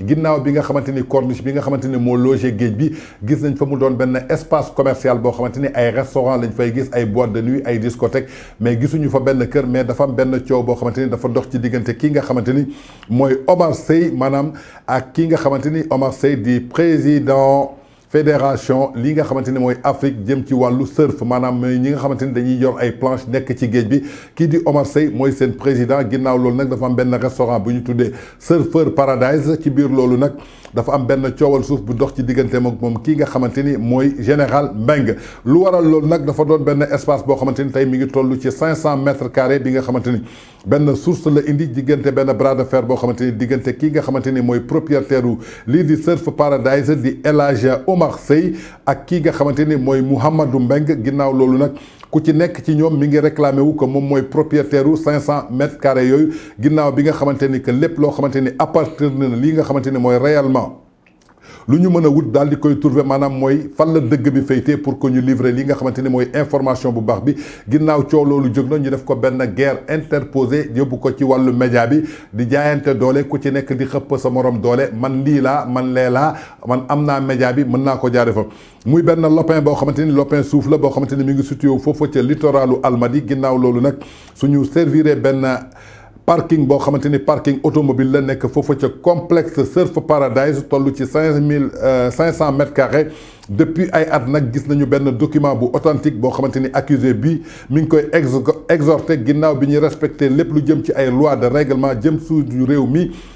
ginnaaw bi nga xamante corniche bi nga bi gis nañ fa mu espace commercial boo xamante ay restaurant lañ fay gis ay boîte de nuit ay discothèque mais gisuñu fa benn kër mais dafa am benn coow boo xamante dafa dox ci diggante ki nga xamante ni Omar Sey maanaam ak ki nga xamante Omar di président fédération li nga xamanteni moy Afrique jëm ci walu surf manam ñi nga xamanteni ne dañuy yor ay planche nek ci géej bi ki di Omar Sey mooy président ginnaaw loolu nak dafa am ben restaurant bu ñu Surfer Paradise ci biir loolu dafa am benn coowal suuf bu dox ci diggante ak moom kii nga xamante ni mooy général Mbengue lu waral loolu nag dafa doon benn espace boo xamante ni tey mi ngi toll ci cinq cent mètres carrés bi nga xamante ni benn source la indi diggante benn bras de fer boo xamante ni diggante kii nga xamante ni mooy propriétaire u lii di Surf Paradise di El Hadj Omar Sey ak kii nga xamante ni mooy Mouhamadou Mbengue ginnaaw loolu nag ku ci nekk ci ñoom mi ngi réclamé wu que moom mooy propriétaire u cinq cent mètres carrés yooyu ginnaaw bi nga xamante ni que lépp loo xamante ni appartenir na lii nga xamante ni mooy réellement lu ñu mën a wut daal di koy trouver maanaam mooy fan la dëgg bi féetee pour que ñu livrer li nga xamante ni mooy information bu baax bi ginnaaw coow loolu jóg na ñu def ko benn guerre interposée yóbbu ko ci wàllu média bi di jaayante doole ku ci nekk di xëpp sa moroom doole man lii laa man lee laa man am naa média bi mën naa ko jaare fa muy benn lopin boo xamante ni lopin suuf la boo xamante ni mu ngi situé foofu ca littoralu Almadi ginnaaw loolu nag suñu servir benn parking bo xamanteni parking automobile la nek fofu ci complexe surf paradise tollu ci cinq euh, mètres carrés depuis ay at nak gis nañu ben document bu authentique bo xamanteni accusé bi mi ngi koy exhorté ginnaw biñu respecter lepp lu jëm ci ay loi de règlement jëm suñu réew mi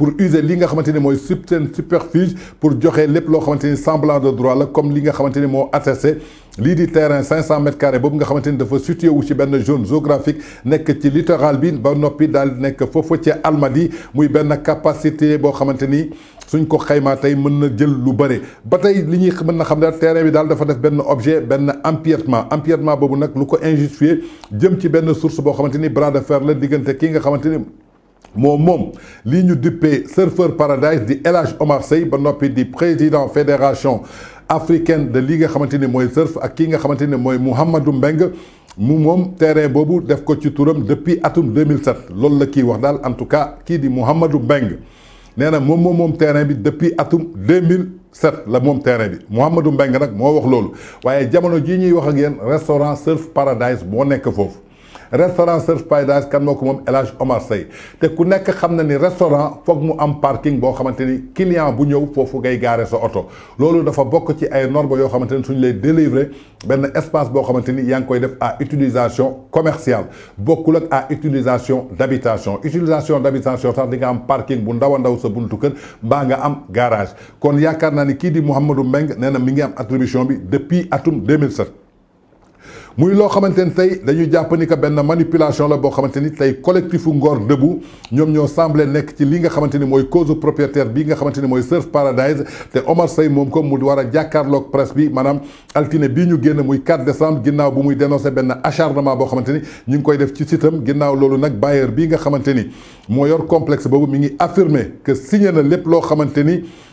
pour user li nga xamanteni moy mooy subterfuge pour joxe lepp lo xamanteni semblant de droit la comme li nga xamanteni mo moo attesté di terrain 500 mètres carrés bobu nga xamanteni ni dafa situé wu ci ben zone géographique nek ci littoral bi ba nopi dal nek fofu ci Almadies muy ben capacité bo xamanteni suñ ko xaymaa tay mën na jël lu bëre ba tay li ñuy mën na xam daal terrain bi daal dafa def ben objet ben empiètement empiètement bobu nak lu ko injustifié jëm ci ben source bo xamanteni ni bras de fer la diggante ki nga xamanteni mon ligne du ñu Surfer Paradise de LH au Omar Sey ba président fédération africaine de ligue de surf ak ki nga xamante Mbeng terrain bobu def ko depuis atum 2007 loolu la kii en tout cas qui di Mouhamadou Mbeng terrain depuis atum 2007 la moom terrain bi Mbeng jamono jini, restaurant Surf Paradise de restaurant Surf Paradise kan moko mom moom El Hadj Omar Sey te ku nek xamna ni restaurant foog mu am parking bo xamanteni client bu ñew fofu ngay garer sa auto lolu dafa bok ci ay normes yo xamanteni suñ lay délivrer ben espace bo xamanteni yang koy def à utilisation commerciale bokkul ak à utilisation d'habitation utilisation d'habitation sax di nga am parking bu ndaw ndaw sa buntu kër ba nga am garage kon yakarna ni ki di Mouhamadou Meng nee mi ngi am attribution bi depuis atum 2007 muy loo xamante ni tey dañuy jàpp ni que benn manipulation la boo xamante ni tey Ngor Debout ñoom ñoo semblé nekk ci li nga xamante ni cause propriétaire bi nga xamante ni mooy Surf Paradise te Omar Sey, moom ko mu war a jàkkaarloog presse bi maanaam altine bii ñu génn muy 4 décembre ginnaaw bu muy dénoncé benn acharnement boo xamante ni ñu ngi koy def ci sitam ginnaaw loolu nag bailleur bi nga xamante ni yor complexe boobu mi ngi affirmer que signé na lépp loo xamante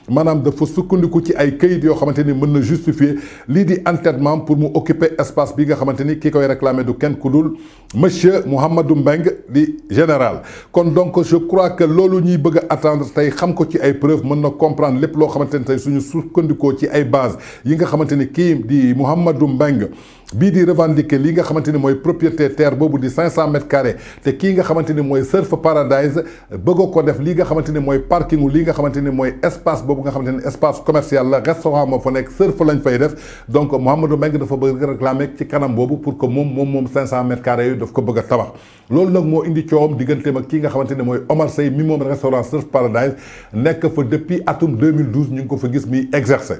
maanaam dafa sukkandiku ci ay kayit yoo xamante ni mën na justifier lii di entêtement pour mu occuper espace bi nga xamante ni ki koy réclamer du kenn ku dul monsieur Mouhamadou mbeng di général. kon donc je crois que loolu ñuy bëgg a attendre tey xam ko ci ay preuves mën na comprendre lépp loo xamante ni tey suñu sukkandikoo ci ay base yi nga xamante ni kii di Mouhamadou mbeng bi di revendiquer li nga xamanteni moy propriété terre bobu di 500 mètres carrés té ki nga xamanteni moy Surf Paradise bëgg ko def li nga xamanteni moy parking parkingu li nga xamanteni moy espace bobu nga xamanteni espace commercial la restaurant mo fa nek surf lañ fay def donc mohamedou meng dafa bëgg réclamer ci kanam bobu pour que mom mom moom 500 mètres carrés yooyu daf ko bëgg tabax loolu nak mo indi coowam digganteem ak ki nga xamanteni moy Omar Sey mi mom restaurant Surf Paradise nek fa depuis atum 2012 ñu ko fa gis mi exercer.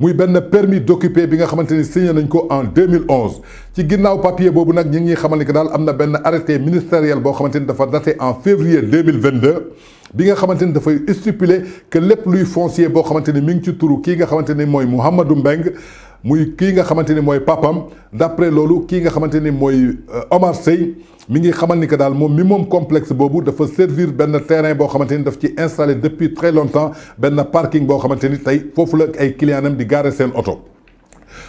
muy benn permis d'occuper bi nga xamante ko en 2011 ci ginnaaw papier boobu nag ñi ngi xamal que arrêté ministériel boo xamante dafa daté en février 2022 bi nga xamanteni da fay stipuler que lepp luy foncier bo xamanteni mi ngi ci turu ki nga xamanteni moy Mohamedou Mbeng muy ki nga xamanteni moy papam d'après lolu ki nga xamanteni moy euh, Omar Sey mi ngi xamal ni ka dal mom mi mom complexe boobu dafa servir ben terrain bo xamanteni ni daf ci installer depuis très longtemps ben parking bo xamanteni ni fofu la ay clientam di garer sen auto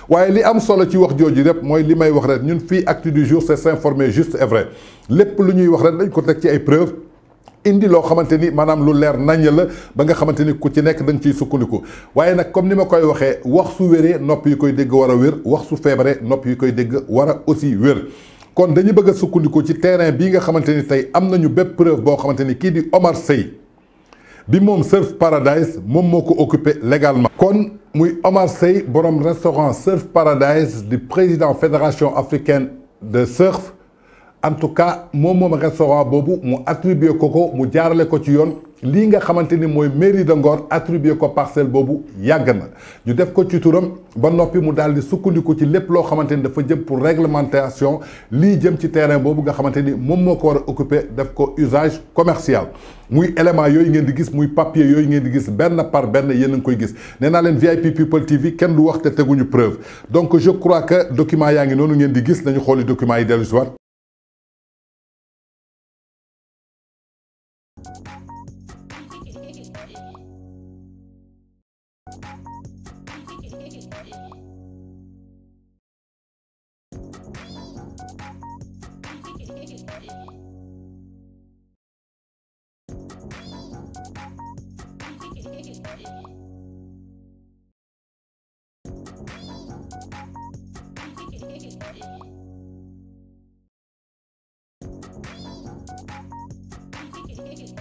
waye li am solo ci wax joji rep moy li may wax rek ñun fi actu du jour c'est s'informer juste et vrai lepp lu ñuy wax rek dañ ko tek ci ay preuves indi loo xamante ni maanaam lu leer nañ la ba nga xamante ni ku ci nekk da ciy sukkandiku waaye nag comme ni ma koy waxee wax su wéree nopp yi koy dégg war a wér wax su feebaree nopp yi koy dégg war a aussi wér. kon dañu bëgg a sukkandiku ci terrain bi nga xamante ni tey am nañu bépp preuve boo xamante ni kii di Omar Sey bi moom Surf Paradise moom moo ko occupé légalement. kon muy Omar Sey borom restaurant Surf Paradise du président fédération africaine de surf en tout cas moom moom restaurant bobu mu attribué ko ko mu jaarale ko ci yoon lii nga xamante ni mairie de Ngor attribué ko parcelle Bobu yagna ñu def ko ci touram ba nopi mu daldi di ci lepp lo xamanteni dafa jëm pour réglementation li jëm ci terrain bobu nga xamanteni mom moko wara occuper occupé def ko usage commercial muy élément yoy ngeen di gis muy papier yoy ngeen di gis ben par ben yéen a ngi koy gis nee len VIP People TV Ken du wax te teguñu preuve donc je crois que document yaangi nonu ngeen di gis nañu xoli document yi dellu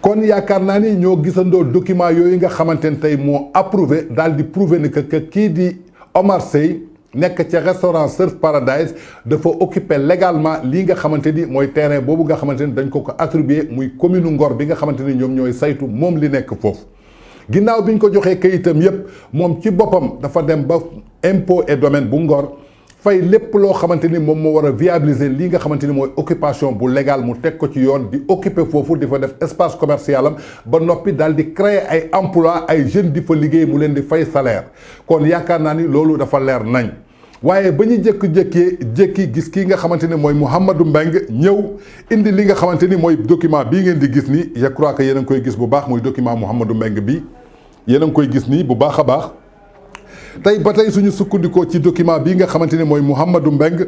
kon yaakaar naa ni ñoo gisandoo document yooyu nga xamante ne tey moo approuvé daal di prouvé ni que que kii di Omar Seye nekk ca restaurant Surf Paradise dafa occupé légalement lii nga xamante ni mooy terrain boobu nga xamante ni dañ ko ko attribué muy commune Ngor bi nga xamante ni ñoom ñooy saytu moom li nekk foofu. ginnaaw bi ñu ko joxee kayitam yépp moom ci boppam dafa dem ba impôt et domaine bu Ngor. fay lepp lo xamanteni mom mo wara viabiliser li nga xamanteni moy occupation bu légal mu tek ko ci yoon di occuper fofu di fa def espace commercial am ba nopi dal di créer ay emploi ay jeunes di fa liggéey mu len di fay salaire kon yaakaar naa ni lolu dafa leer nañ waye bañu ñu jékki-jékkee gis ki nga xamanteni moy mohammedou mbeng ñew indi li nga xamanteni moy document bi ngeen di gis ni je crois que yéen a koy gis bu baax moy document mohammedou mbeng bi yéen a koy gis ni bu baaxa baax tay ba suñu sukkandikoo ci document bi nga xamanteni moy mohamedou Mbeng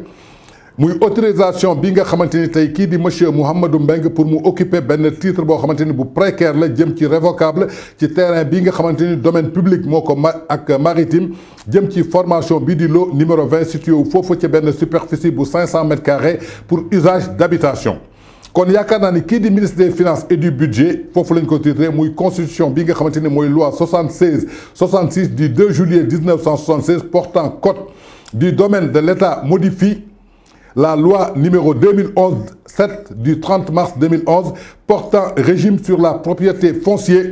muy autorisation bi nga xamanteni tay ki di monsieur mohamedou Mbeng pour mu occuper ben titre bo xamanteni bu précaire la jëm ci révocable ci terrain bi nga xamanteni domaine public moko ak maritime jëm ci formation bi di lot numéro 20 situé foofu ci ben superficie bu 500 mètres carrés pour usage d'habitation kon yaakaar ministre des finances et du budget Pour lañ ko titré moy constitution bi nga loi 76 66 du 2 juillet 1976 portant code du domaine de l'État modifie la loi numéro 2011-7 du 30 mars 2011 portant régime sur la propriété foncière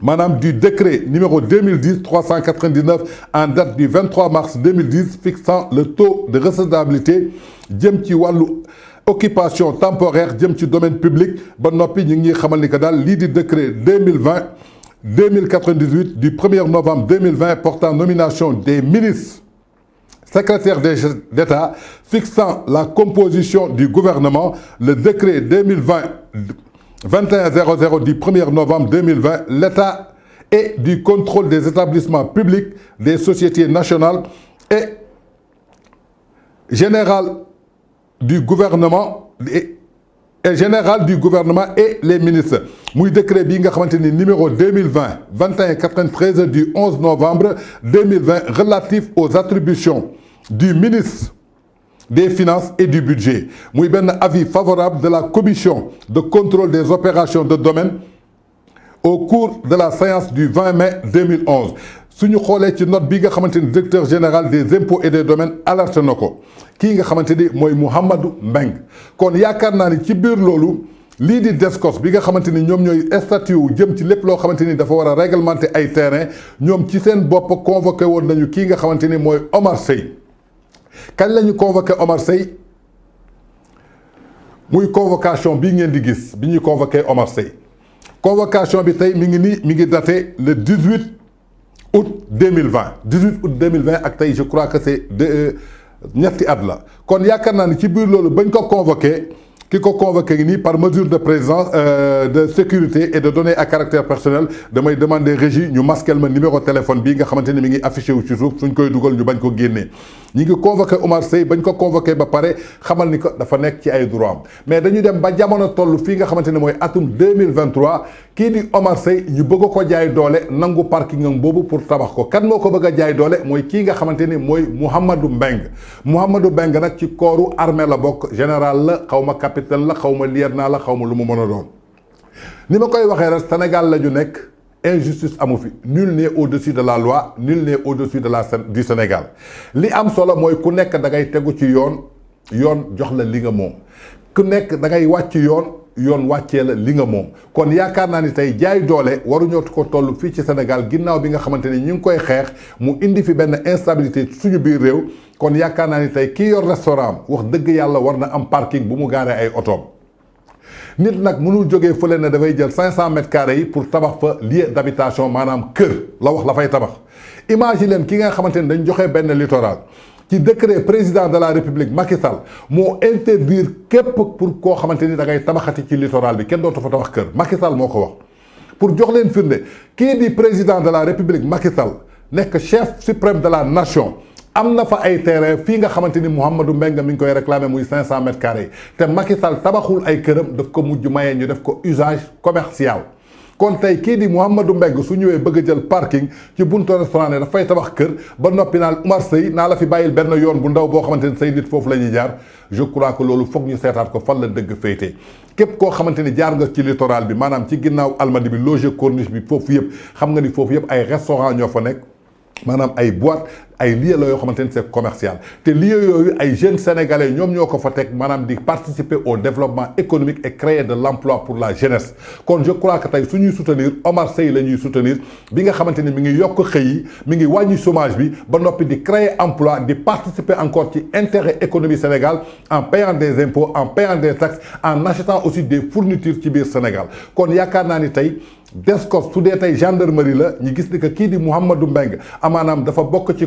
Madame du décret numéro 2010-399 en date du 23 mars 2010 fixant le taux de recevabilité occupation temporaire du domaine public ba opinion décret 2020 2098 du 1er novembre 2020 portant nomination des ministres secrétaire d'État fixant la composition du gouvernement, le décret 2020 2100 du 1er novembre 2020, l'État et du contrôle des établissements publics, des sociétés nationales et générales du gouvernement et général du gouvernement et les ministres muy décret Binga nga numéro 2020 21 93 du 11 novembre 2020 relatif aux attributions du ministre des Finances et du Budget muy benn avis favorable de la commission de contrôle des opérations de domaine au cours de la séance du 20 mai 2011 suñu xoolee ci note bi nga xamante ni directeur général des impôts et des domaines alerte Noko, ko kii nga xamante ni mooy Mouhamadou Mbeng kon yaakaar naa ni ci biir loolu lii di DSCOS bi nga xamante ni ñoom ñooy statut wu jëm ci lépp loo xamante ni dafa war a réglementer ay terrain ñoom ci seen bopp convoqué woon nañu kii nga xamante ni Omar Sey kañ la ñu Omar Sey muy convocation bi ngeen di gis bi ñuy Omar Sey convocation bi tey mi ngi nii mi ngi daté le 18 août 2020 18 août 2020 acte je crois que c'est de euh, ñetti at la kon yaakaar ni ci biir lolu bagn ko convoqué qui ko convoqué nii par mesure de présence euh, de sécurité et de données à caractère personnel damay demander régie ñu masquel ma numéro téléphone bii nga xamante ne mi ngi affiché wu ci suuf suñ koy dugal ñu bañ ko génnee ñi ngi convoqué Omar Seye bañ ko convoqué ba pare xamal ni ko dafa nekk ci ay droit am mais dañu dem ba jamono toll fii nga xamante ne mooy atum 2023 kii di Omar Seye ñu bëgg ko jaay doole nangu parking am boobu pour tabax ko kan moo ko bëgg a jaay doole mooy kii nga xamante ni mooy Mouhamadou Mbeng Mouhamadou Mbeng nag ci kooru armée la bokk général la xaw ma capitaine capitaine la xawma ma lier naa la xawma ma lu mu mën doon ni ma koy waxe rek senegal la ju nek injustice amu fi nul n'est au-dessus de la loi nul n'est au-dessus de la du senegal li am solo moy ku nek da ngay tegu ci yoon yoon jox la li nga moom ku nek da ngay wàcc yoon. yoon wàccee la li nga moom kon yaakaar naa ni tey jaay doole waruñoo ko toll fii ci Sénégal ginnaaw bi nga xamante ni ñu ngi koy xeex mu indi fi benn instabilité suñu biir réew kon yaakaar naa ni tey kii yor restaurant wax dëgg yàlla war na am parking bu mu gaaree ay otoom nit nag mënul jógee fële ne dafay jël cinq cent mètres carrés yi pour tabax fa lieu d'habitation maanaam kër la wax la fay tabax image leen ki nga xamante ni dañ joxe benn littoral ci décret président de la république Macky Sall mo interdire kep pour ko xamanteni ni da ngay tabaxati ci littoral bi ken dootu fa tabax keur Macky Sall moko wax. pour jox len firnde kii di président de la république Macky Sall nek chef suprême de la nation amna fa ay terrain fi nga xamanteni Mohamedou Mouhamadou Mbengue mi ngi koy réclamer muy 500 mètres carrés té Macky Sall tabaxul ay këram daf ko mujj maye ñu def ko usage commercial. kon tey kii di Mouhamadou Mbengue su ñëwee bëgg jël parking ci buntu restaurant ne dafay tabax kër ba noppi naan Umar Sey naa la fi bàyyil benn yoon bu ndaw boo xamante ne say nit foofu la ñuy jaar je crois que loolu foog ñu seetaat ko fan la dëgg féetee képp koo xamante ni jaar nga ci littoral bi maanaam ci ginnaaw Almadi bi loge corniche bi foofu yëpp xam nga ni foofu yëpp ay restaurant ñoo fa nekk maanaam ay boîte ay lieux la yoo c'est commercial lieux ay jeunes sénégalais ñoom ñoo fa participer au développement économique et créer de l'emploi pour la jeunesse kon je crois que tey su soutenir Omar Seye la soutenir bi nga xamante ni mi ngi yokk xëy mi ngi chômage bi ba di créer emploi di participer encore ci intérêt économique Sénégal en payant des impôts en payant des taxes en achetant aussi des fournitures ci Sénégal kon il y a des DSCOS qui sont tey gendarmerie la ñu gis que qui di Mouhamadou Mbeng, amaanaam dafa bokk ci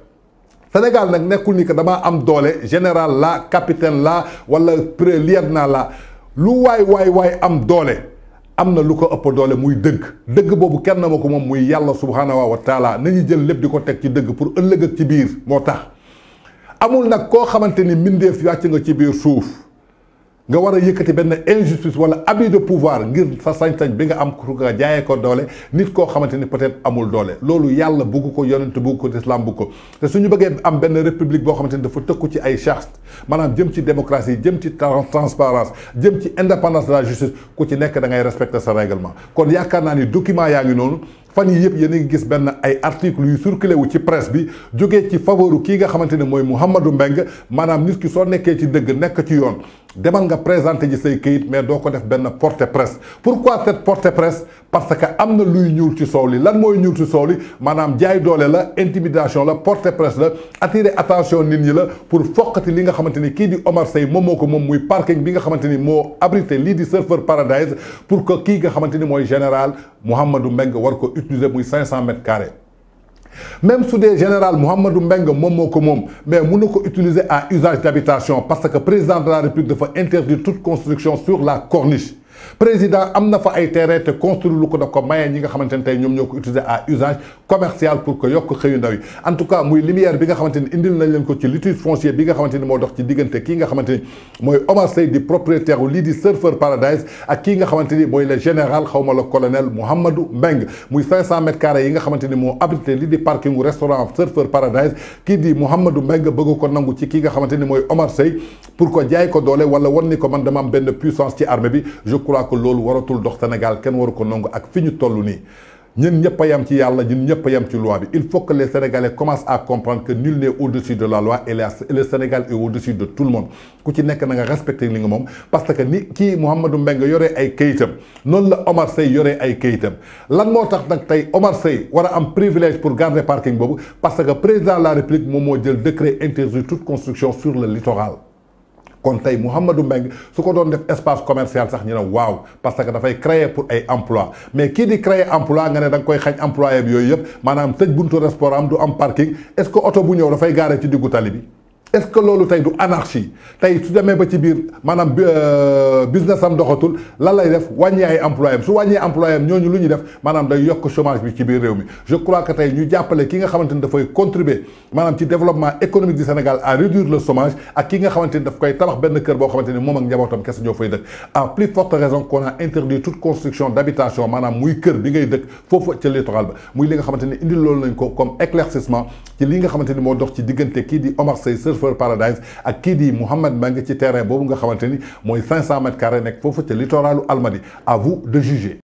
Sénégal nag nekkul ni ko damaa am doole général la capitaine la wala lieutenant la lu waay waay waay am doole am na lu ko ëpp doole muy dëgg dëgg boobu kenn ma ko moom muy yàlla subhanahu wa taala nañu jël lépp di ko teg ci dëgg pour ëllëg ak ci biir moo tax amul nag koo xamante ni mbindeef yàcc nga ci biir suuf. nga war a yëkkati benn injustice wala abus de pouvoir ngir sa sañ-sañ bi nga am pour nga jaayee ko doole nit koo xamante ni peut-être amul doole loolu yàlla bugg ko yonent bugg ko islam bugg ko te suñu bëggee am benn république boo xamante ni dafa tëkku ci ay charte maanaam jëm ci démocratie jëm ci transparence jëm ci indépendance de la justice ku ci nekk da ngay respecter sa règlement kon yaakaar naa ni document yaa ngi noonu fan yii yëpp yéen a ngi gis benn ay article yu circulé wu ci presse bi jógee ci favoru kii nga xamante ne mooy Mouhamadou Mbengue maanaam nit ki soo nekkee ci dëgg nekk ci yoon demal nga présente ji say këyit mais doo ko def benn porte presse pourquoi cette porte presse parce que am na luy ñuul ci soow li lan mooy ñuul ci soow li maanaam jaay doole la intimidation la porte presse la attirer attention nit ñi la pour foqati li nga xamante ni kii di Omar Seye moom moo ko moom muy parking bi nga xamante ni moo abrité lii di Surfer Paradise pour que kii nga xamante ni mooy général Mouhamadou Mbengue war ko utilisé pour 500 mètres carrés même sous le général Mohamedou Mbengue Momoko Mom, mais mun utilisé à usage d'habitation parce que président de la République doit interdire toute construction sur la corniche président Amnafa a été ay construire lu ko ko utiliser à usage commercial pour que yokk xeyu ndaw yi en tout cas muy lumière bi nga xamanteni indil nañ leen ko ci litige foncier bi nga xamanteni ni moo dox ci diggante qui nga xamanteni ni mooy Omar sey di propriétaire lii di Surfer Paradise ak ki nga xamanteni le général xawma le colonel Mouhamadou Mbeng muy 500 mètres carrés yi nga xamanteni ni moo abrité lii di parking restaurant Surfer Paradise qui di Mouhamadou Mbeng bëgg ko nangu ci ki nga xamanteni ni mooy Omar sey pour ko jaay ko doole wala wan ni ko man dama am benn puissance ci armée bi je crois que loolu waratul dox Sénégal kenn waru ko nangu ak fi ñu toll loi il faut que les sénégalais commencent à comprendre que nul n'est au-dessus de la loi et le Sénégal est au-dessus de tout le monde ku ci que respecté li parce que qui Mohamed Mohamed Mbengue yoree ay kayitam non la Omar Sey y ay kayitam lan Omar Sey a un privilège pour garder le parking parce que le président de la République Momo décret interdit toute construction sur le littoral kon tey Mouhamadou Mbengue su ko def espace commercial sax ñu waouh, parce que faut créer pour ay emploi mais qui dit créer emploi nga ne da nga koy xañ employé bi yooyu yëpp maanaam buntu restaurant du parking est-ce que oto bu ñëw dafay garer ci diggu tali bi est-ce que loolu tey du anarchie tey su demee ba ci biir maanaam euh, business am doxatul lan lay def wàññi ay employé am su wàññee employé am ñooñu lu ñuy def maanaam day yokk chômage bi ci biir réew mi je crois que tey ñu jàppale ki nga xamante ni dafay contribuer maanaam ci développement économique du Sénégal à réduire le chômage ak ki nga xamante ni daf koy tabax benn kër boo xamante ni moom ak njabootam kese ñoo fay dëkk à plus forte raison qu'on a interdit toute construction d'habitation maanaam muy kër bi ngay dëkk foofu ca littoral ba muy li nga xamante indi indil loolu nañ ko comme éclaircissement ci li nga xamante ni moo dox ci diggante kii di Omar surfer paradise ak kii di Mohamed Mbengue ci terrain bobu nga xamanteni moy 500 mètres carrés nek fofu ca littoralu Almadi à vous de juger.